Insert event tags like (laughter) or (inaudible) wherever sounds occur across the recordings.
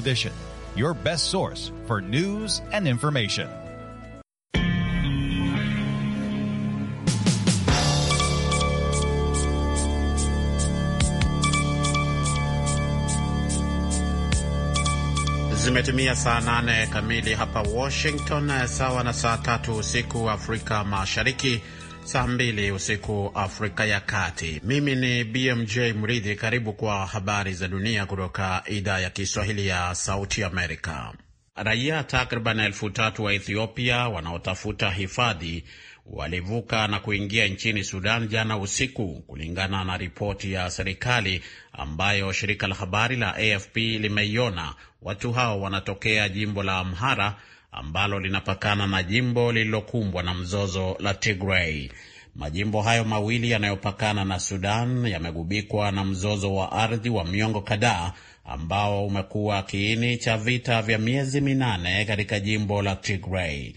Edition, your best source for news and information. Zimetimia saa nane kamili hapa Washington, sawa na saa tatu usiku Afrika Mashariki. saa mbili usiku Afrika ya Kati. Mimi ni BMJ Mridhi, karibu kwa habari za dunia kutoka idhaa ya Kiswahili ya Sauti Amerika. Raia takriban elfu tatu wa Ethiopia wanaotafuta hifadhi walivuka na kuingia nchini Sudan jana usiku, kulingana na ripoti ya serikali ambayo shirika la habari la AFP limeiona. Watu hao wanatokea jimbo la Amhara ambalo linapakana na jimbo lililokumbwa na mzozo la Tigray. Majimbo hayo mawili yanayopakana na Sudan yamegubikwa na mzozo wa ardhi wa miongo kadhaa ambao umekuwa kiini cha vita vya miezi minane katika jimbo la Tigray.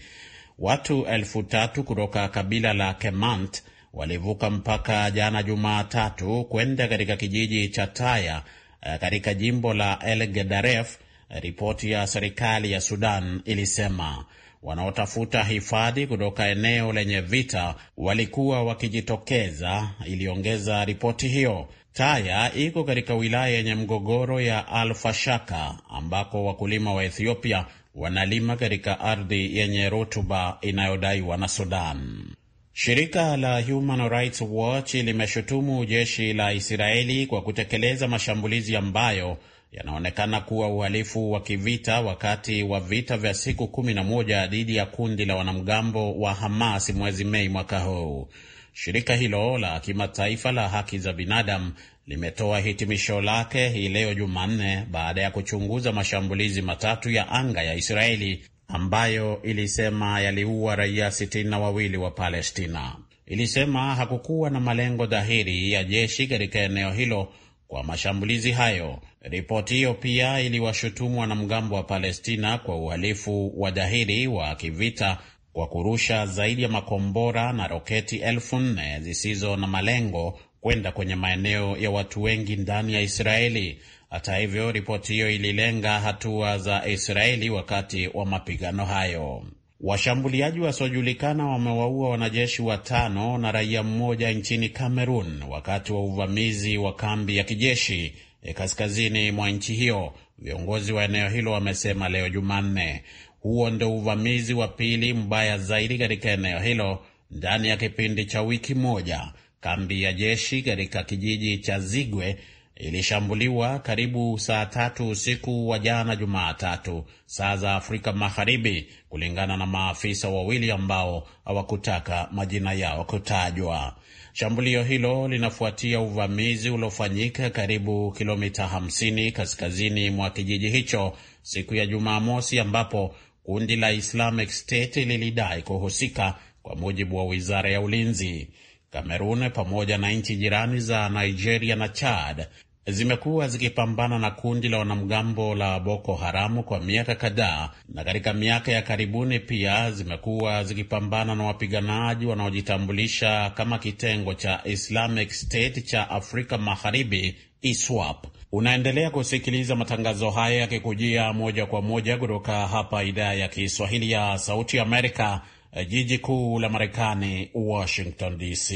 Watu elfu tatu kutoka kabila la Kemant walivuka mpaka jana Jumatatu kwenda katika kijiji cha Taya eh, katika jimbo la El Gedaref ripoti ya serikali ya Sudan ilisema wanaotafuta hifadhi kutoka eneo lenye vita walikuwa wakijitokeza, iliongeza ripoti hiyo. Taya iko katika wilaya yenye mgogoro ya Al-Fashaka ambako wakulima wa Ethiopia wanalima katika ardhi yenye rutuba inayodaiwa na Sudan. Shirika la Human Rights Watch limeshutumu jeshi la Israeli kwa kutekeleza mashambulizi ambayo yanaonekana kuwa uhalifu wa kivita wakati wa vita vya siku kumi na moja dhidi ya kundi la wanamgambo wa Hamas mwezi Mei mwaka huu. Shirika hilo la kimataifa la haki za binadamu limetoa hitimisho lake hii leo Jumanne baada ya kuchunguza mashambulizi matatu ya anga ya Israeli ambayo ilisema yaliua raia sitini na wawili wa Palestina. Ilisema hakukuwa na malengo dhahiri ya jeshi katika eneo hilo kwa mashambulizi hayo. Ripoti hiyo pia iliwashutumu wanamgambo wa Palestina kwa uhalifu wa dhahiri wa kivita kwa kurusha zaidi ya makombora na roketi elfu nne zisizo na malengo kwenda kwenye maeneo ya watu wengi ndani ya Israeli. Hata hivyo, ripoti hiyo ililenga hatua za Israeli wakati wa mapigano hayo. Washambuliaji wasiojulikana wamewaua wanajeshi watano na raia mmoja nchini Kamerun wakati wa uvamizi wa kambi ya kijeshi eh, kaskazini mwa nchi hiyo, viongozi wa eneo hilo wamesema leo Jumanne. Huo ndio uvamizi wa pili mbaya zaidi katika eneo hilo ndani ya kipindi cha wiki moja. Kambi ya jeshi katika kijiji cha Zigwe ilishambuliwa karibu saa tatu usiku wa jana Jumatatu, saa za Afrika Magharibi, kulingana na maafisa wawili ambao hawakutaka majina yao kutajwa. Shambulio hilo linafuatia uvamizi uliofanyika karibu kilomita 50 kaskazini mwa kijiji hicho siku ya Jumamosi, ambapo kundi la Islamic State lilidai kuhusika, kwa mujibu wa wizara ya ulinzi. Kamerun pamoja na nchi jirani za Nigeria na Chad zimekuwa zikipambana na kundi la wanamgambo la Boko Haramu kwa miaka kadhaa, na katika miaka ya karibuni pia zimekuwa zikipambana na wapiganaji wanaojitambulisha kama kitengo cha Islamic State cha Afrika Magharibi, ISWAP. Unaendelea kusikiliza matangazo haya yakikujia moja kwa moja kutoka hapa idhaa ya Kiswahili ya Sauti Amerika jiji kuu la Marekani, Washington DC.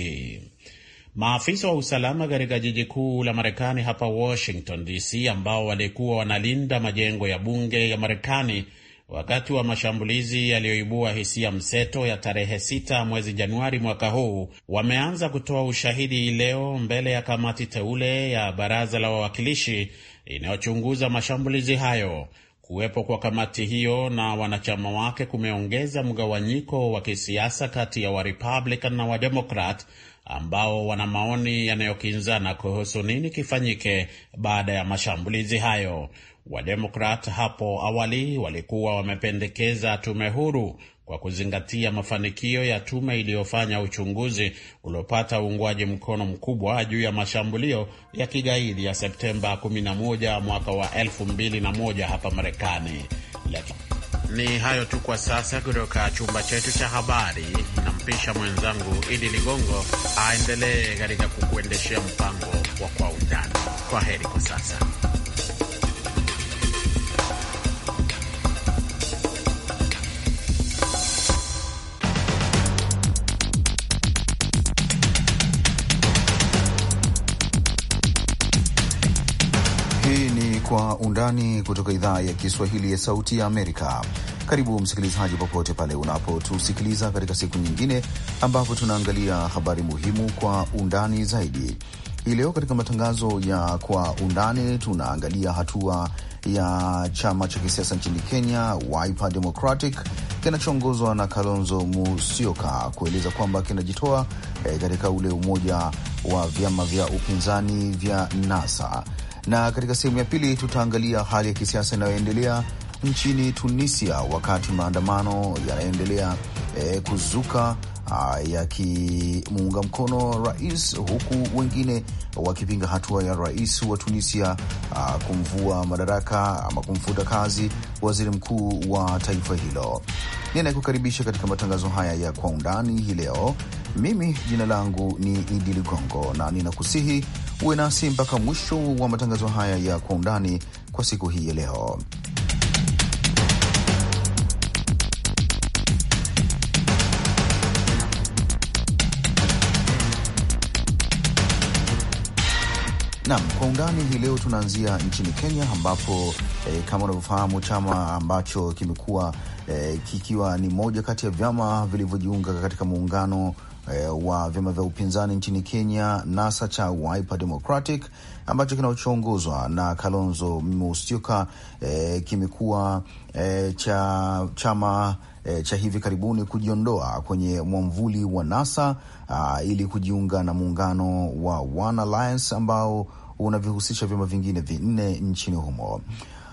Maafisa wa usalama katika jiji kuu la Marekani hapa Washington DC, ambao walikuwa wanalinda majengo ya bunge ya Marekani wakati wa mashambulizi yaliyoibua hisia mseto ya tarehe 6 mwezi Januari mwaka huu, wameanza kutoa ushahidi leo mbele ya kamati teule ya baraza la wawakilishi inayochunguza mashambulizi hayo. Kuwepo kwa kamati hiyo na wanachama wake kumeongeza mgawanyiko wa kisiasa kati ya Warepublican na Wademokrat ambao wana maoni yanayokinzana kuhusu nini kifanyike baada ya mashambulizi hayo. Wademokrat hapo awali walikuwa wamependekeza tume huru kwa kuzingatia mafanikio ya tume iliyofanya uchunguzi uliopata uungwaji mkono mkubwa juu ya mashambulio ya kigaidi ya Septemba 11 mwaka wa 2001 hapa Marekani. Ni hayo tu kwa sasa kutoka chumba chetu cha habari. Nampisha mwenzangu Idi Ligongo aendelee katika kukuendeshea mpango wa Kwa Undani. Kwa heri kwa sasa. Kwa Undani kutoka idhaa ya Kiswahili ya Sauti ya Amerika. Karibu msikilizaji, popote pale unapotusikiliza katika siku nyingine ambapo tunaangalia habari muhimu kwa undani zaidi. Hii leo katika matangazo ya Kwa Undani tunaangalia hatua ya chama cha kisiasa nchini Kenya Wiper Democratic kinachoongozwa na Kalonzo Musyoka kueleza kwamba kinajitoa eh, katika e, ule umoja wa vyama vya upinzani vya NASA na katika sehemu ya pili tutaangalia hali ya kisiasa inayoendelea nchini Tunisia wakati maandamano yanaendelea e, kuzuka yakimuunga mkono rais huku wengine wakipinga hatua ya rais wa Tunisia a, kumvua madaraka ama kumfuta kazi waziri mkuu wa taifa hilo. Ninayekukaribisha katika matangazo haya ya kwa undani hii leo mimi jina langu ni Idi Ligongo na ninakusihi uwe nasi mpaka mwisho wa matangazo haya ya Kwa Undani kwa siku hii ya leo. Naam, kwa undani hii leo tunaanzia nchini Kenya ambapo eh, kama unavyofahamu chama ambacho kimekuwa eh, kikiwa ni moja kati ya vyama vilivyojiunga katika muungano eh, wa vyama vya upinzani nchini Kenya, NASA cha Wiper Democratic ambacho kinachoongozwa na Kalonzo Musyoka eh, kimekuwa eh, cha chama E, cha hivi karibuni kujiondoa kwenye mwamvuli wa NASA a, ah, ili kujiunga na muungano wa One Alliance ambao unavihusisha vyama vingine vinne nchini humo.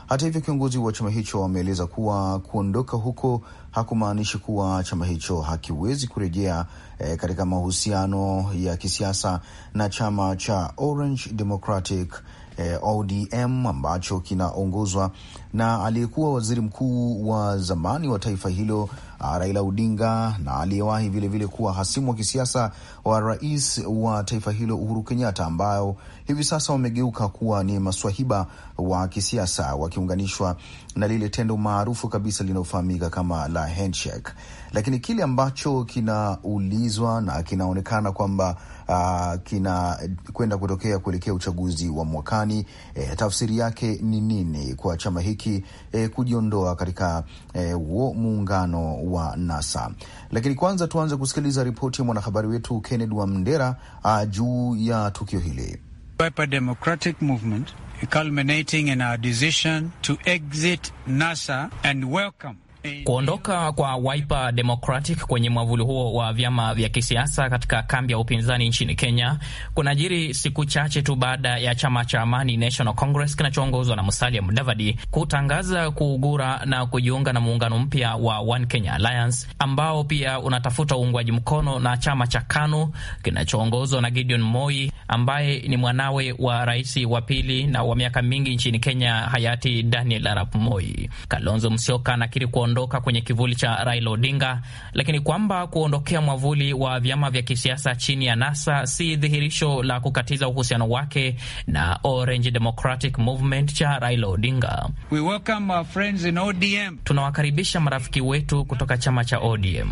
Hata hivyo, kiongozi wa chama hicho wameeleza kuwa kuondoka huko hakumaanishi kuwa chama hicho hakiwezi kurejea e, katika mahusiano ya kisiasa na chama cha Orange Democratic e, eh, ODM ambacho kinaongozwa na aliyekuwa waziri mkuu wa zamani wa taifa hilo ah, Raila Odinga na aliyewahi vilevile kuwa hasimu wa kisiasa wa rais wa taifa hilo Uhuru Kenyatta, ambayo hivi sasa wamegeuka kuwa ni maswahiba wa kisiasa, wakiunganishwa na lile tendo maarufu kabisa linalofahamika kama la handshake. Lakini kile ambacho kinaulizwa na kinaonekana kwamba uh, ah, kinakwenda kutokea kuelekea uchaguzi wa mwakani, eh, tafsiri yake ni nini kwa chama hiki eh, kujiondoa katika eh, muungano wa NASA? Lakini kwanza tuanze kusikiliza ripoti ya mwanahabari wetu Kennedy Wamndera uh, ah, juu ya tukio hili. Piper Democratic Movement, culminating in our decision to exit NASA and welcome Kuondoka kwa Wiper Democratic kwenye mwavuli huo wa vyama vya kisiasa katika kambi ya upinzani nchini Kenya kunajiri siku chache tu baada ya chama cha Amani National Congress kinachoongozwa na Musalia Mudavadi kutangaza kuugura na kujiunga na muungano mpya wa One Kenya Alliance ambao pia unatafuta uungwaji mkono na chama cha KANU kinachoongozwa na Gideon Moi ambaye ni mwanawe wa rais wa pili na wa miaka mingi nchini Kenya hayati Daniel Arap Moi. Kalonzo Musyoka anakiri kuondoka kuondoka kwenye kivuli cha Raila Odinga, lakini kwamba kuondokea mwavuli wa vyama vya kisiasa chini ya NASA si dhihirisho la kukatiza uhusiano wake na Orange Democratic Movement cha Raila Odinga. We welcome our friends in ODM. Tunawakaribisha marafiki wetu kutoka chama cha ODM.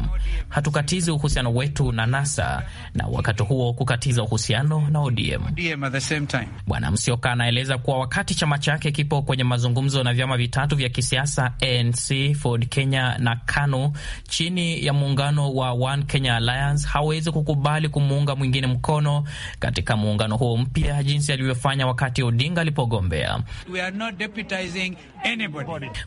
Hatukatizi uhusiano wetu na NASA na wakati huo kukatiza uhusiano na ODM. ODM at the same time. Bwana Msioka anaeleza kuwa wakati chama chake kipo kwenye mazungumzo na vyama vitatu vya kisiasa ANC, Ford Kenya na KANU chini ya muungano wa One Kenya Alliance hawezi kukubali kumuunga mwingine mkono katika muungano huo mpya, jinsi alivyofanya wakati Odinga alipogombea.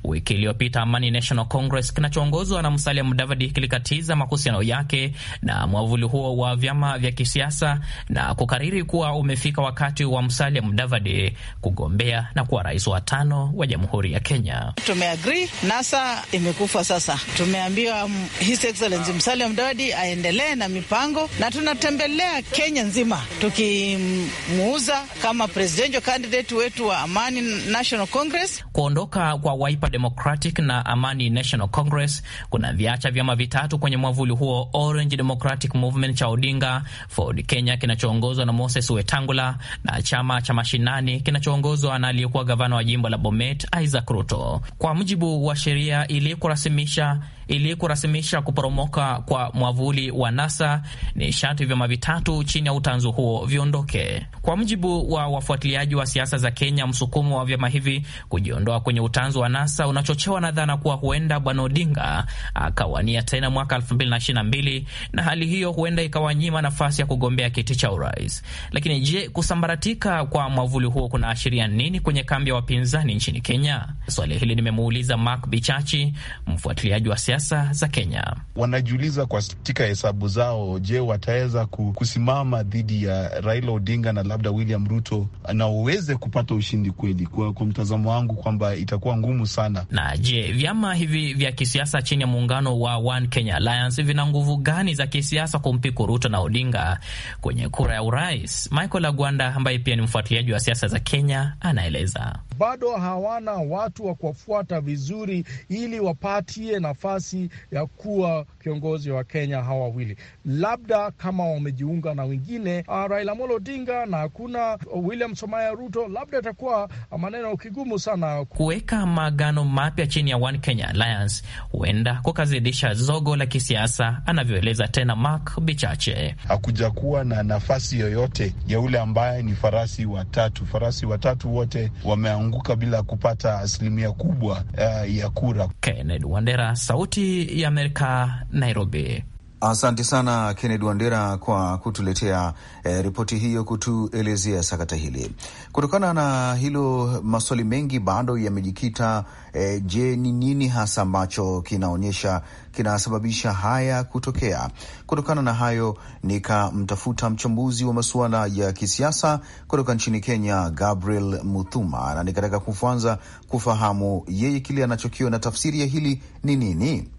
Wiki iliyopita Amani National Congress kinachoongozwa na Musalia Mudavadi kilikatiza mahusiano yake na mwavuli huo wa vyama vya kisiasa na kukariri kuwa umefika wakati wa Musalia Mudavadi kugombea na kuwa rais wa tano wa Jamhuri ya Kenya. Tumeagri, NASA ime amekufa sasa. Tumeambiwa um, His Excellency Musalia Mudavadi aendelee na mipango, na tunatembelea Kenya nzima tukimuuza kama presidential candidate wetu wa Amani National Congress. Kuondoka kwa Wiper Democratic na Amani National Congress kuna viacha vyama vitatu kwenye mwavuli huo, Orange Democratic Movement cha Odinga, Ford Kenya kinachoongozwa na Moses Wetangula na chama cha Mashinani kinachoongozwa na aliyekuwa gavana wa jimbo la Bomet Isaac Ruto. Kwa mujibu wa sheria iliyokuwa kurasimisha ili kurasimisha kuporomoka kwa mwavuli wa NASA ni sharti vyama vitatu chini ya utanzu huo viondoke. Kwa mujibu wa wafuatiliaji wa siasa za Kenya, msukumo wa vyama hivi kujiondoa kwenye utanzu wa NASA unachochewa na dhana kuwa huenda Bwana Odinga akawania tena mwaka 2022 na hali hiyo huenda ikawanyima nafasi ya kugombea kiti cha urais. Lakini je, kusambaratika kwa mwavuli huo kunaashiria nini kwenye kambi ya wapinzani nchini Kenya? Swali hili nimemuuliza Mark Bichachi, mfuatiliaji wa siasa za Kenya. Wanajiuliza katika hesabu zao, je, wataweza kusimama dhidi ya Raila Odinga na labda William Ruto na waweze kupata ushindi kweli? Kwa, kwa mtazamo wangu kwamba itakuwa ngumu sana. Na je, vyama hivi vya kisiasa chini ya muungano wa One Kenya Alliance vina nguvu gani za kisiasa kumpiku Ruto na Odinga kwenye kura ya urais? Michael Agwanda ambaye pia ni mfuatiliaji wa siasa za Kenya anaeleza bado hawana watu wa kuwafuata vizuri ili wapatie nafasi ya kuwa kiongozi wa Kenya hawa wawili, labda kama wamejiunga na wengine ah, Raila Amolo Odinga na hakuna ah, William Somaya Ruto, labda itakuwa maneno kigumu sana kuweka maagano mapya chini ya One Kenya Alliance, huenda kukazidisha zogo la kisiasa, anavyoeleza tena Mark Bichache. Hakuja kuwa na nafasi yoyote ya ule ambaye ni farasi watatu, farasi watatu wote wame wameanguka bila kupata asilimia kubwa uh, ya kura. Kennedy Wandera, Sauti ya Amerika, Nairobi. Asante sana Kennedy Wandera kwa kutuletea eh, ripoti hiyo, kutuelezea sakata hili. Kutokana na hilo, maswali mengi bado yamejikita eh, je, ni nini hasa ambacho kinaonyesha kinasababisha haya kutokea? Kutokana na hayo, nikamtafuta mchambuzi wa masuala ya kisiasa kutoka nchini Kenya, Gabriel Muthuma, na nikataka kufanza kufahamu yeye kile anachokiona, tafsiri ya hili ni nini.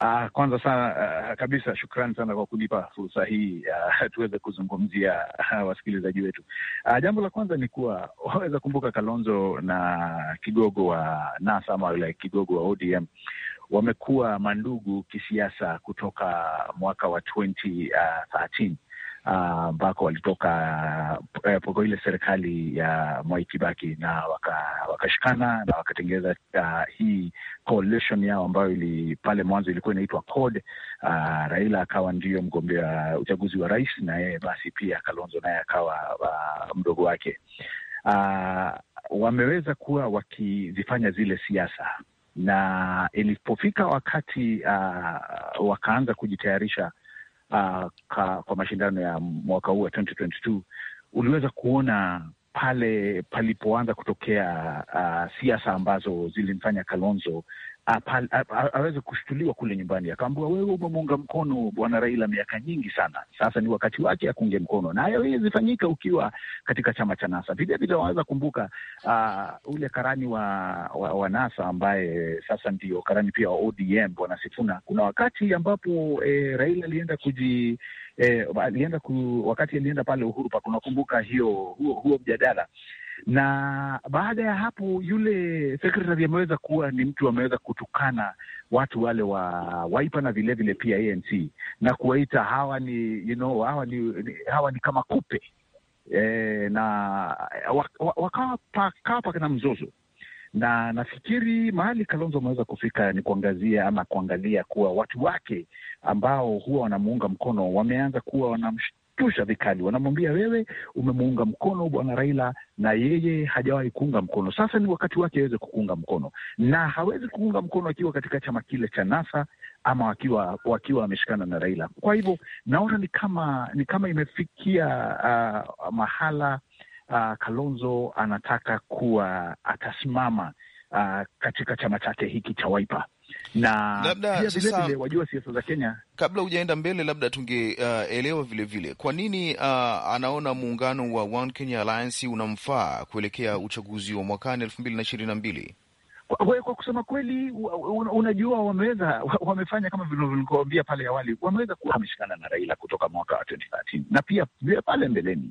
Uh, kwanza sana uh, kabisa shukrani sana kwa kunipa fursa hii uh, (laughs) tuweze kuzungumzia uh, wasikilizaji wetu. Uh, jambo la kwanza ni kuwa (laughs) waweza kumbuka Kalonzo na kigogo wa NASA ama yule kigogo wa ODM wamekuwa mandugu kisiasa kutoka mwaka wa 2013 ambako walitoka uh, kwa ile serikali ya Mwai Kibaki na wakashikana waka na wakatengeza uh, ah, hii coalition yao ambayo ili pale mwanzo ilikuwa inaitwa CORD. Uh, Raila akawa ndiyo mgombea uchaguzi wa rais na yeye basi pia Kalonzo naye akawa uh, mdogo wake uh, wameweza kuwa wakizifanya zile siasa na ilipofika wakati uh, wakaanza kujitayarisha uh, ka, kwa mashindano ya mwaka huu wa 2022 uliweza kuona pale palipoanza kutokea uh, siasa ambazo zilimfanya Kalonzo aweze kushtuliwa kule nyumbani, akaambiwa wewe umemuunga mkono bwana Raila miaka nyingi sana, sasa ni wakati wake akunge mkono, na hayo hawezi fanyika ukiwa katika chama cha NASA. Vilevile vile waweza kumbuka uh, ule karani wa, wa, wa NASA ambaye sasa ndio karani pia wa ODM bwana Sifuna. Kuna wakati ambapo eh, Raila alienda kuji eh, alienda ku, wakati alienda pale Uhuru Park, unakumbuka hiyo huo, huo mjadala na baada ya hapo yule sekretari ameweza kuwa ni mtu ameweza kutukana watu wale wa Waipa na vilevile pia ANC na kuwaita hawa ni you know, hawa ni hawa ni kama kupe e, na wakawa paka na mzozo na nafikiri mahali Kalonzo ameweza kufika ni kuangazia ama kuangalia kuwa watu wake ambao huwa wanamuunga mkono wameanza kuwa wanamsh, wanampusha vikali, wanamwambia wewe umemuunga mkono bwana Raila na yeye hajawahi kuunga mkono. Sasa ni wakati wake aweze kukuunga mkono, na hawezi kuunga mkono akiwa katika chama kile cha NASA ama wakiwa wakiwa wameshikana na Raila. Kwa hivyo naona ni kama ni kama imefikia uh, mahala uh, Kalonzo anataka kuwa atasimama uh, katika chama chake hiki cha Wiper na labda pia wajua siasa za Kenya. Kabla hujaenda mbele, labda tungeelewa uh, vilevile kwa nini uh, anaona muungano wa One Kenya Alliance unamfaa kuelekea uchaguzi wa mwakani elfu mbili na ishirini na mbili. Kwa, kwa kusema kweli, unajua wameweza wamefanya kama vile pale awali, wameweza kuwa wameshikana na Raila kutoka mwaka wa 2013 na pia pale mbeleni,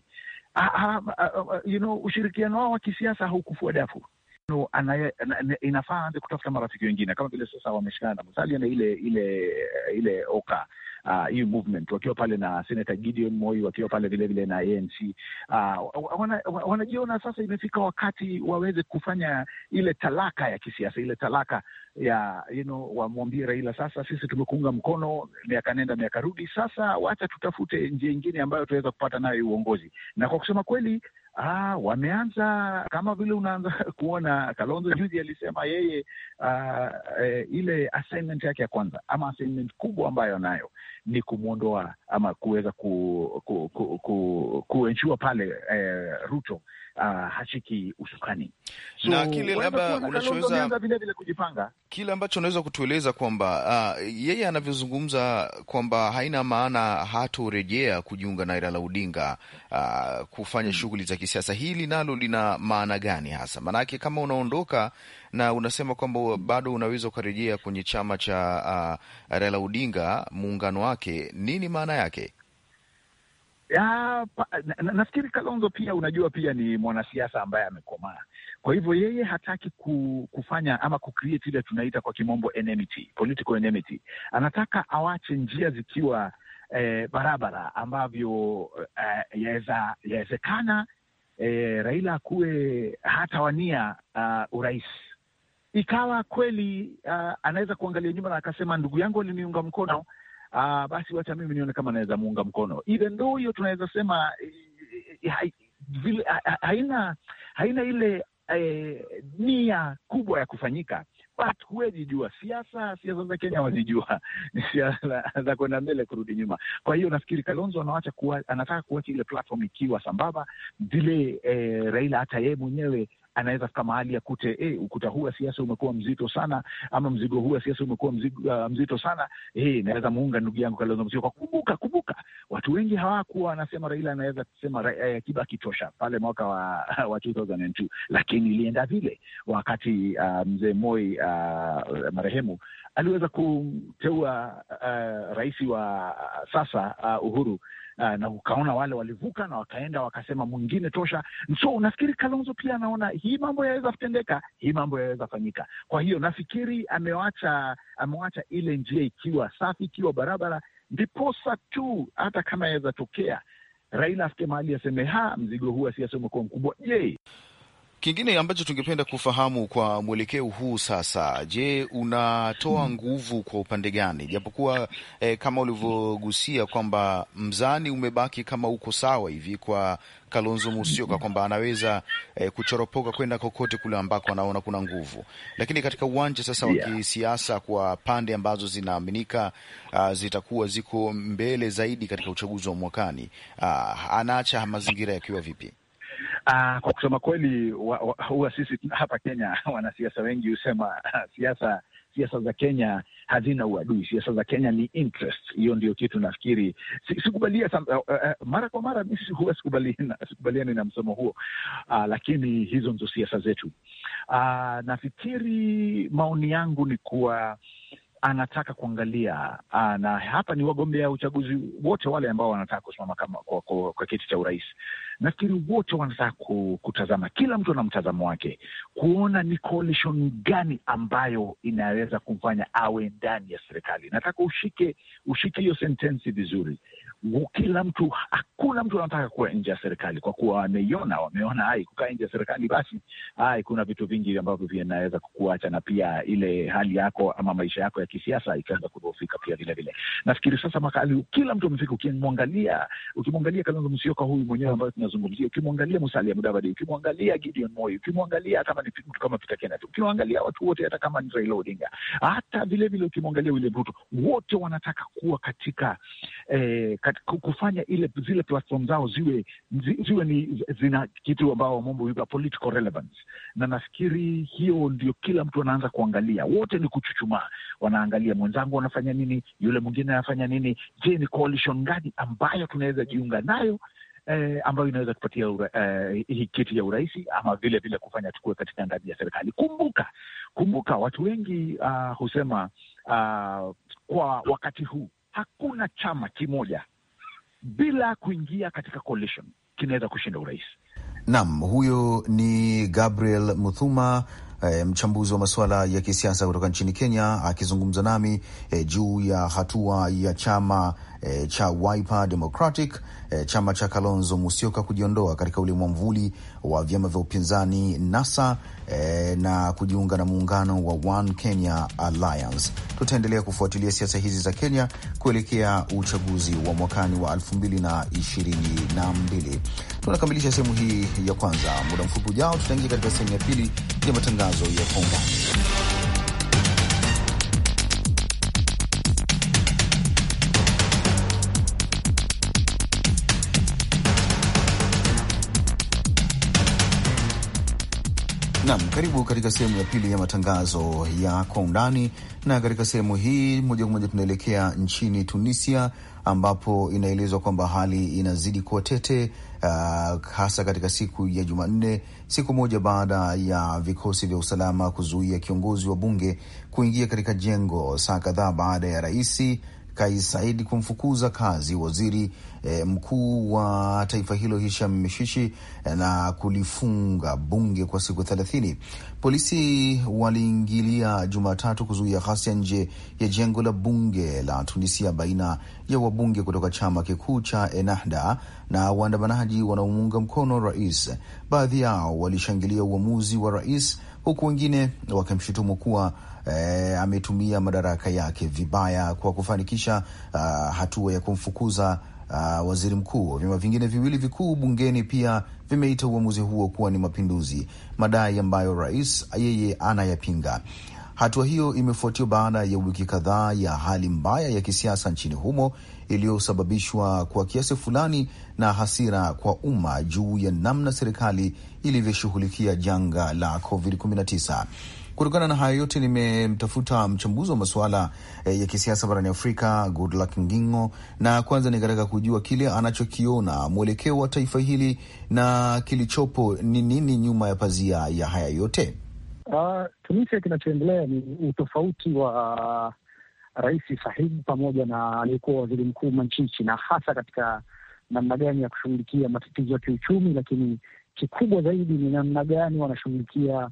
ah, ah, ah, you know, ushirikiano wao wa kisiasa haukufua dafu No, inafaa aanze kutafuta marafiki wengine kama vile sasa wameshikana Musalia na ile ile ile oka ah, hii uh, movement wakiwa pale na Senata Gideon Moi wakiwa pale vilevile na ah, ANC uh, wanajiona wana sasa imefika wakati waweze kufanya ile talaka ya kisiasa, ile talaka ya you know, wamwambie Raila, sasa sisi tumekuunga mkono miaka nenda miaka rudi, sasa wacha tutafute njia ingine ambayo tunaweza kupata nayo uongozi. Na kwa kusema kweli Ah, wameanza kama vile unaanza (laughs) kuona Kalonzo juzi alisema yeye uh, e, ile assignment yake ya kwanza ama assignment kubwa ambayo anayo ni kumwondoa ama kuweza ku, ku, ku, ku, kuensure pale eh, Ruto uh, hashiki usukani. So, na kile labda unachoweza vile vile kujipanga, kile ambacho unaweza kutueleza kwamba uh, yeye anavyozungumza kwamba haina maana hatorejea kujiunga na Raila Odinga uh, kufanya hmm. shughuli za kisiasa, hili nalo lina maana gani hasa? Maanake kama unaondoka na unasema kwamba bado unaweza ukarejea kwenye chama cha uh, Raila Odinga, muungano wake, nini maana yake? Ya, pa, na, nafikiri Kalonzo pia unajua pia ni mwanasiasa ambaye amekomaa, kwa hivyo yeye hataki ku, kufanya ama kucreate ile tunaita kwa kimombo enmity, political enmity. Anataka awache njia zikiwa eh, barabara ambavyo eh, yawezekana eh, Raila akuwe hatawania uh, urais ikawa kweli uh, anaweza kuangalia nyuma na akasema ndugu yangu aliniunga mkono no uh, basi wacha mimi nione kama naweza muunga mkono, even though hiyo tunaweza sema eh, eh, vile, haina haina ile eh, nia kubwa ya kufanyika but huwezi jua siasa. Siasa za Kenya wazijua (laughs) ni siasa za kwenda mbele kurudi nyuma. Kwa hiyo nafikiri Kalonzo anawacha kuwa, anataka kuacha ile platform ikiwa sambamba vile eh, Raila hata yeye mwenyewe anaweza fika mahali ya kute eh, ukuta huu wa siasa umekuwa mzito sana, ama mzigo huu wa siasa umekuwa uh, mzito sana eh, naweza muunga ndugu yangu Kalonzo Musyoka. Kumbuka, kumbuka watu wengi hawakuwa wanasema Raila anaweza kusema eh, Kiba kitosha pale mwaka wa, (laughs) wa 2002 lakini ilienda vile wakati uh, mzee Moi uh, marehemu aliweza kumteua uh, rais wa uh, sasa uh, Uhuru Ah, na ukaona wale walivuka na wakaenda wakasema mwingine tosha. So unafikiri Kalonzo pia anaona hii mambo yaweza kutendeka, hii mambo yaweza fanyika. Kwa hiyo nafikiri amewacha amewacha ile njia ikiwa safi, ikiwa barabara, ndiposa tu hata kama yaweza tokea Raila afike mahali aseme ha, mzigo huu asiasa umekuwa mkubwa. Je, Kingine ambacho tungependa kufahamu kwa mwelekeo huu sasa, je, unatoa hmm. nguvu kwa upande gani? Japokuwa eh, kama ulivyogusia kwamba mzani umebaki kama uko sawa hivi kwa Kalonzo Musyoka hmm. kwamba anaweza eh, kuchoropoka kwenda kokote kule ambako anaona kuna nguvu, lakini katika uwanja sasa wa kisiasa kwa pande ambazo zinaaminika uh, zitakuwa ziko mbele zaidi katika uchaguzi wa mwakani, uh, anaacha mazingira yakiwa vipi? Uh, kwa kusema kweli huwa sisi hapa Kenya (laughs) wanasiasa wengi husema ah, siasa siasa za Kenya hazina uadui, siasa za Kenya ni interest. Hiyo ndio kitu nafikiri sikubalia si uh, uh, mara kwa mara mimi huwa (laughs) sikubaliani na msomo huo uh, lakini hizo ndizo siasa zetu. Uh, nafikiri maoni yangu ni kuwa anataka kuangalia na hapa ni wagombea uchaguzi wote wale ambao wanataka kusimama kama kwa, kwa, kwa kiti cha urais nafikiri wote wanataka kutazama, kila mtu ana mtazamo wake, kuona ni coalition gani ambayo inaweza kumfanya awe ndani ya serikali. Nataka ushike ushike hiyo sentensi vizuri, kila mtu, hakuna mtu anataka kuwa nje ya serikali, kwa kuwa wameiona, wameona ai, kukaa nje ya serikali basi, ai, kuna vitu vingi ambavyo vinaweza kukuacha, na pia ile hali yako ama maisha yako ya kisiasa ikaanza kudhoofika pia vilevile. Nafikiri sasa makali, kila mtu amefika. Ukimwangalia, ukimwangalia Kalonzo Musyoka huyu mwenyewe ambayo tunazungumzia, ukimwangalia Musalia Mudavadi, ukimwangalia Gideon Moi, ukimwangalia kama ni mtu kama Peter Kenyatta, ukimwangalia watu wote, hata kama ni Raila Odinga, hata vilevile ukimwangalia William Ruto, wote wanataka kuwa katika eh, kufanya ile zile platform zao ziwe ziwe ni zina kitu ambao mambo ya political relevance, na nafikiri hiyo ndio kila mtu anaanza kuangalia. Wote ni kuchuchumaa, wanaangalia mwenzangu anafanya nini, yule mwingine anafanya nini. Je, ni coalition gani ambayo tunaweza jiunga nayo? Eh, ambayo inaweza kupatia eh, hii kiti ya urahisi ama vile vile kufanya tukue katika ngazi ya serikali. Kumbuka kumbuka, watu wengi uh, husema uh, kwa wakati huu hakuna chama kimoja bila kuingia katika coalition kinaweza kushinda urais. Naam, huyo ni Gabriel Muthuma E, mchambuzi wa masuala ya kisiasa kutoka nchini Kenya akizungumza nami e, juu ya hatua ya chama e, cha Wiper Democratic e, chama cha Kalonzo Musyoka kujiondoa katika ule mwamvuli wa vyama vya upinzani NASA e, na kujiunga na muungano wa One Kenya Alliance. Tutaendelea kufuatilia siasa hizi za Kenya kuelekea uchaguzi wa mwakani wa 2022. Tunakamilisha sehemu hii ya kwanza. Muda mfupi ujao tutaingia katika sehemu ya pili ya matangazo ya Konga. Nam, karibu katika sehemu ya pili ya matangazo ya kwa undani, na katika sehemu hii moja kwa moja tunaelekea nchini Tunisia ambapo inaelezwa kwamba hali inazidi kuwa tete, uh, hasa katika siku ya Jumanne, siku moja baada ya vikosi vya usalama kuzuia kiongozi wa bunge kuingia katika jengo saa kadhaa baada ya raisi Kais Saidi kumfukuza kazi waziri e, mkuu wa taifa hilo Hisham Mishishi eh, na kulifunga bunge kwa siku thelathini. Polisi waliingilia Jumatatu kuzuia ghasia nje ya jengo la bunge la Tunisia baina ya wabunge kutoka chama kikuu cha Ennahda na waandamanaji wanaomuunga mkono rais. Baadhi yao walishangilia uamuzi wa rais, huku wengine wakimshutumu kuwa eh, ametumia madaraka yake vibaya kwa kufanikisha uh, hatua ya kumfukuza Uh, waziri mkuu. Vyama vingine viwili vikuu bungeni pia vimeita uamuzi huo kuwa ni mapinduzi, madai ambayo rais yeye anayapinga. Hatua hiyo imefuatiwa baada ya wiki kadhaa ya hali mbaya ya kisiasa nchini humo iliyosababishwa kwa kiasi fulani na hasira kwa umma juu ya namna serikali ilivyoshughulikia janga la COVID-19. Kutokana na hayo yote, nimemtafuta mchambuzi wa masuala e, ya kisiasa barani Afrika, Goodluck Ngingo, na kwanza nikataka kujua kile anachokiona mwelekeo wa taifa hili na kilichopo ni nini nyuma ya pazia ya haya yote. Uh, ah, Tunisia, kinachoendelea ni utofauti wa raisi ah, rais pamoja na aliyekuwa waziri mkuu Manchichi, na hasa katika namna gani ya kushughulikia matatizo ya kiuchumi, lakini kikubwa zaidi ni namna gani wanashughulikia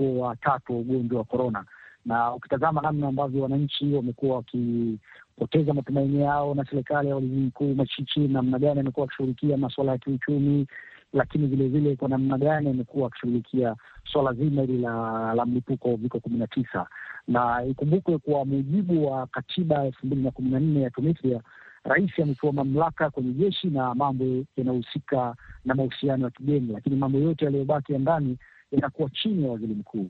mlipuko wa tatu wa ugonjwa wa korona, na ukitazama namna ambavyo wananchi wamekuwa wakipoteza matumaini yao na serikali ya waziri mkuu Machichi, namna gani amekuwa akishughulikia masuala ya kiuchumi, lakini vilevile kwa namna gani amekuwa akishughulikia swala zima hili la, la mlipuko wa uviko kumi na tisa na ikumbukwe, kwa mujibu wa katiba elfu mbili na kumi na nne ya Tunisia, rais amepewa mamlaka kwenye jeshi na mambo yanayohusika na mahusiano ya kigeni, lakini mambo yote yaliyobaki ya ndani inakuwa chini ya waziri mkuu.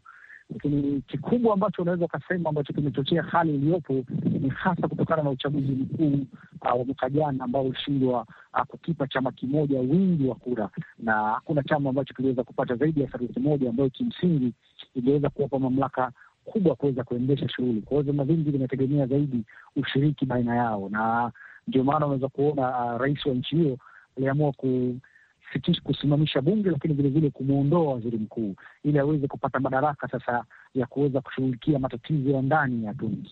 Lakini kikubwa ambacho unaweza ukasema ambacho kimechochea hali iliyopo ni hasa kutokana na uchaguzi mkuu uh, wa mwaka jana ambao ulishindwa uh, kukipa chama kimoja wingi wa kura, na hakuna chama ambacho kiliweza kupata zaidi ya theluthi moja ambayo kimsingi iliweza kuwapa mamlaka kubwa kuweza kuendesha shughuli. Kwa hiyo vyama vingi vinategemea zaidi ushiriki baina yao, na ndio maana unaweza kuona uh, rais wa nchi hiyo aliamua ku si tu kusimamisha bunge, lakini vilevile kumwondoa waziri mkuu ili aweze kupata madaraka sasa ya kuweza kushughulikia matatizo ya ndani ya Tunis.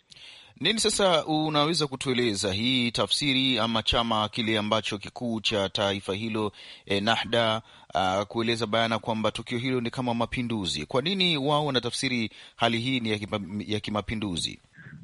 Nini sasa, unaweza kutueleza hii tafsiri ama chama kile ambacho kikuu cha taifa hilo eh, Nahda uh, kueleza bayana kwamba tukio hilo ni kama mapinduzi. Kwa nini wao wanatafsiri hali hii ni ya kimapinduzi?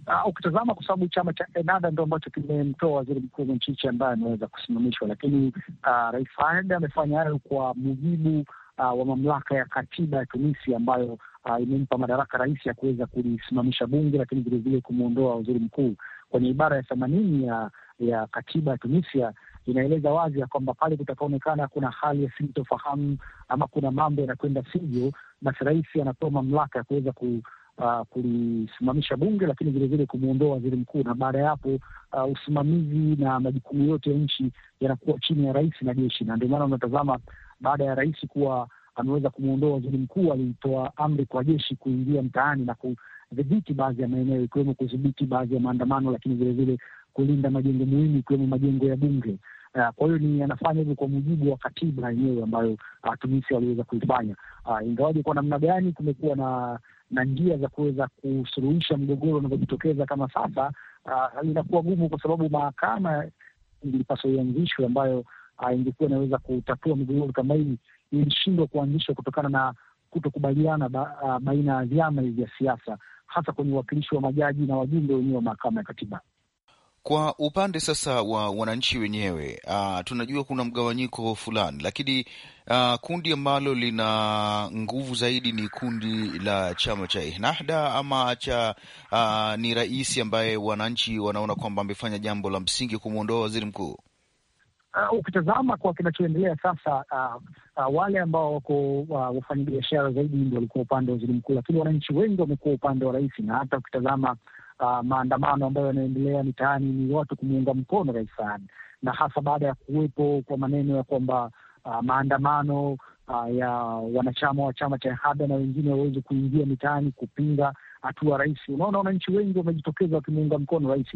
Uh, ukitazama kwa sababu chama cha Ennahda ndo ambacho kimemtoa waziri mkuu Monchichi ambaye ameweza kusimamishwa, lakini uh, Rais Faad amefanya hayo kwa mujibu uh, wa mamlaka ya katiba ya Tunisia ambayo uh, imempa madaraka rais ya kuweza kulisimamisha bunge, lakini vilevile kumwondoa waziri mkuu. Kwenye ibara ya themanini ya, ya katiba ya Tunisia inaeleza wazi ya kwamba pale kutakaonekana kuna hali ya sintofahamu ama kuna mambo yanakwenda sivyo, basi rais anatoa mamlaka ya kuweza ku uh, kulisimamisha bunge, lakini vilevile kumwondoa waziri mkuu, na baada ya hapo uh, usimamizi na majukumu yote ya nchi yanakuwa chini ya rais na jeshi, na ndio maana unatazama baada ya rais kuwa ameweza kumwondoa waziri mkuu, alitoa amri kwa jeshi kuingia mtaani na kudhibiti baadhi ya maeneo, ikiwemo kudhibiti baadhi ya maandamano, lakini vilevile kulinda majengo muhimu, ikiwemo majengo ya bunge. Uh, kwa hiyo ni anafanya hivyo kwa mujibu wa katiba yenyewe ambayo uh, ah, Tunisia waliweza kuifanya uh, ingawaje kwa namna gani kumekuwa na na njia za kuweza kusuluhisha mgogoro unavyojitokeza kama sasa, uh, inakuwa gumu kwa sababu mahakama ilipaswa ianzishwe ambayo uh, ingekuwa inaweza kutatua migogoro kama hii, ilishindwa kuanzishwa kutokana na kutokubaliana ba, uh, baina ya vyama vya siasa hasa kwenye uwakilishi wa majaji na wajumbe wenyewe wa mahakama ya katiba. Kwa upande sasa wa wananchi wenyewe, uh, tunajua kuna mgawanyiko fulani, lakini uh, kundi ambalo lina nguvu zaidi ni kundi la chama cha Ennahda ama cha uh, ni rais ambaye wananchi wanaona kwamba amefanya jambo la msingi kumwondoa waziri mkuu. Uh, ukitazama kwa kinachoendelea sasa uh, uh, wale ambao wako uh, wafanyabiashara zaidi ndio walikuwa upande wa waziri mkuu, lakini wananchi wengi wamekuwa upande wa rais, na hata ukitazama uh, maandamano ambayo yanaendelea mitaani ni watu kumuunga mkono Rais Sahani, na hasa baada ya kuwepo kwa maneno ya kwamba uh, maandamano uh, ya wanachama wa chama cha Ennahda na wengine waweze kuingia mitaani kupinga hatua rais. Unaona, wananchi wengi wamejitokeza wakimuunga mkono rais,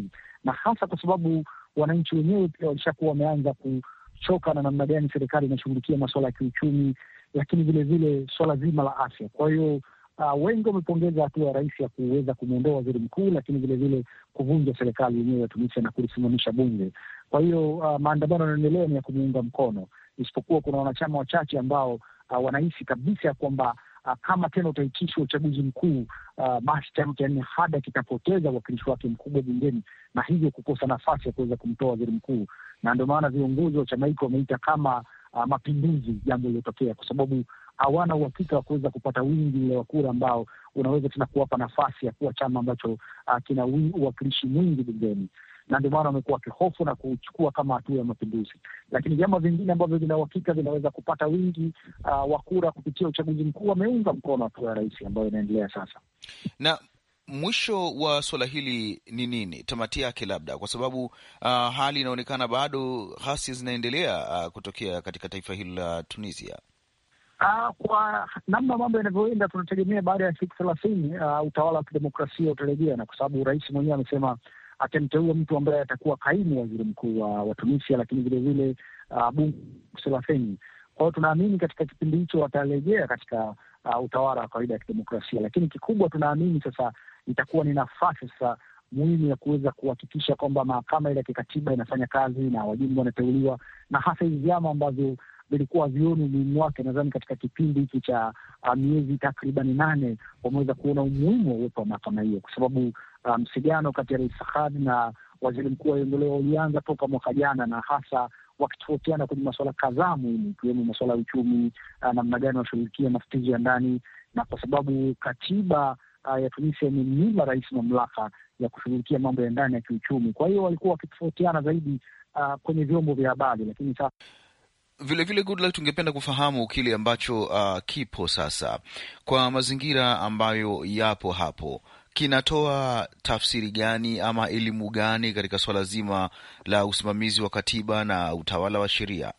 na hasa kwa sababu wananchi wenyewe pia walishakuwa wameanza kuchoka na namna gani serikali inashughulikia masuala ya kiuchumi, lakini vilevile swala zima la afya. Kwa hiyo Uh, wengi wamepongeza hatua ya rais ya kuweza kumwondoa waziri mkuu, lakini vilevile kuvunja serikali yenyewe ya Tunisia na kulisimamisha bunge. Kwa hiyo uh, maandamano yanaendelea ni ya kumuunga mkono, isipokuwa kuna wanachama wachache ambao uh, wanahisi kabisa ya kwamba uh, kama tena utaitishwa uchaguzi mkuu uh, Machi chama cha nne, hada kitapoteza uwakilishi wake mkubwa bungeni na hivyo kukosa nafasi ya kuweza kumtoa waziri mkuu, na ndio maana viongozi wa chama hiko wameita kama uh, mapinduzi jambo lililotokea, kwa sababu hawana uhakika wa kuweza kupata wingi ule wa kura ambao unaweza tena kuwapa nafasi ya kuwa chama ambacho uh, kina uwakilishi mwingi bungeni na ndio maana wamekuwa wakihofu na kuchukua kama hatua ya mapinduzi. Lakini vyama vingine ambavyo vina uhakika vinaweza kupata wingi uh, wa kura kupitia uchaguzi mkuu wameunga mkono hatua ya rais ambayo inaendelea sasa. Na mwisho wa suala hili ni nini tamati yake, labda kwa sababu uh, hali inaonekana bado ghasia zinaendelea uh, kutokea katika taifa hili la Tunisia. Uh, kwa namna mambo yanavyoenda tunategemea baada ya siku thelathini uh, utawala wa kidemokrasia utarejea, na kwa sababu rais mwenyewe amesema atamteua mtu ambaye atakuwa kaimu waziri mkuu wa, wa Tunisia, lakini vilevile uh, ah, bunge thelathini. Kwa hiyo tunaamini katika kipindi hicho watarejea katika uh, utawala wa kawaida ya kidemokrasia, lakini kikubwa tunaamini sasa itakuwa ni nafasi sasa muhimu ya kuweza kuhakikisha kwamba mahakama ile ya kikatiba inafanya kazi na wajumbe wanateuliwa na hasa hizi vyama ambavyo vilikuwa vioni umuhimu wake. Nadhani katika kipindi hiki cha uh, miezi takriban nane wameweza kuona umuhimu wa uwepo wa mahakama hiyo, kwa sababu uh, msigano um, kati ya Rais Sahadi na waziri mkuu aliendolewa ulianza toka mwaka jana na hasa wakitofautiana kwenye masuala kadhaa muhimu ikiwemo masuala ya uchumi, uh, namna gani wanashughulikia matatizo ya ndani, na kwa sababu katiba uh, ya Tunisia imemnyima rais mamlaka ya kushughulikia mambo ya ndani ya kiuchumi. Kwa hiyo walikuwa wakitofautiana zaidi uh, kwenye vyombo vya habari, lakini sasa Vilevile vile good luck, tungependa kufahamu kile ambacho uh, kipo sasa kwa mazingira ambayo yapo hapo kinatoa tafsiri gani ama elimu gani katika swala zima la usimamizi wa katiba na utawala wa sheria?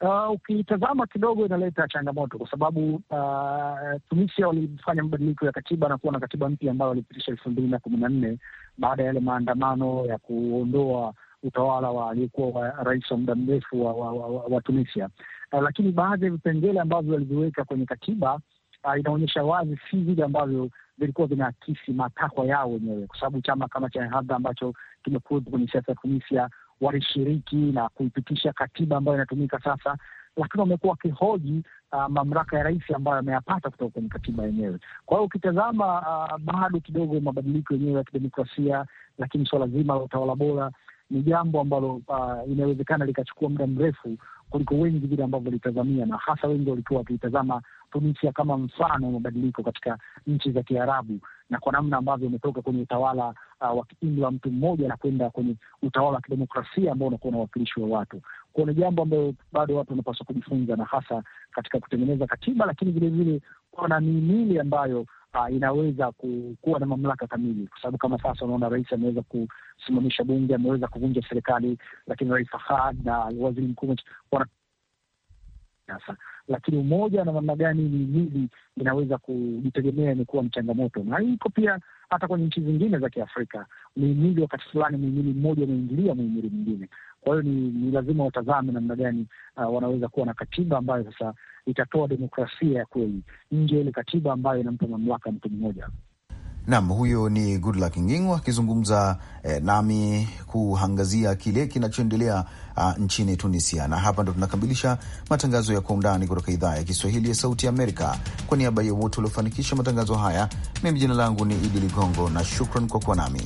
Uh, ukitazama kidogo inaleta changamoto kwa sababu uh, Tunisia walifanya mabadiliko ya katiba na kuwa na katiba mpya ambayo walipitisha elfu mbili na kumi na nne baada ya yale maandamano ya kuondoa utawala wa aliyekuwa wa rais wa muda mrefu wa, wa, wa, wa, wa Tunisia. Uh, lakini baadhi ya vipengele ambavyo walivyoweka kwenye katiba uh, inaonyesha wazi si vile ambavyo vilikuwa vinaakisi matakwa yao wenyewe, kwa sababu chama kama cha Ennahda ambacho kimekuwepo kwenye siasa ya Tunisia walishiriki na kuipitisha katiba ambayo inatumika sasa, lakini wamekuwa wakihoji uh, mamlaka ya rais ambayo ameyapata kutoka kwenye katiba yenyewe. Kwa hiyo ukitazama, uh, bado kidogo mabadiliko yenyewe ya kidemokrasia, lakini suala zima la utawala bora ni jambo ambalo uh, inawezekana likachukua muda mrefu kuliko wengi vile ambavyo walitazamia, na hasa wengi walikuwa wakiitazama Tunisia kama mfano wa mabadiliko katika nchi za Kiarabu na kwa namna ambavyo umetoka kwenye utawala uh, wa kipindi wa mtu mmoja na kwenda kwenye utawala wa kidemokrasia ambao unakuwa na uwakilishi wa watu. Kwa ni jambo ambayo bado watu wanapaswa kujifunza, na hasa katika kutengeneza katiba, lakini vilevile kuwa na mihimili ambayo uh, inaweza kuwa na mamlaka kamili, kwa sababu kama sasa unaona rais ameweza kusimamisha bunge, ameweza kuvunja serikali, lakini rais Fahad na waziri mkuu wana lakini umoja na namna gani mihimili inaweza kujitegemea imekuwa ni changamoto, na hii iko pia hata kwenye nchi zingine za Kiafrika. Mihimili wakati fulani, mhimili mmoja umeingilia mhimili mwingine. Kwa hiyo ni, ni lazima watazame namna gani uh, wanaweza kuwa na katiba ambayo sasa itatoa demokrasia ya kweli nje ya ile katiba ambayo inampa mamlaka mtu mmoja. nam huyo ni Goodluck Ngingo akizungumza eh, nami kuangazia kile kinachoendelea uh, nchini Tunisia. Na hapa ndo tunakamilisha matangazo ya kwa undani kutoka idhaa ya Kiswahili ya Sauti Amerika. Kwa niaba ya wote waliofanikisha matangazo haya, mimi jina langu ni Idi Ligongo na shukran kwa kuwa nami.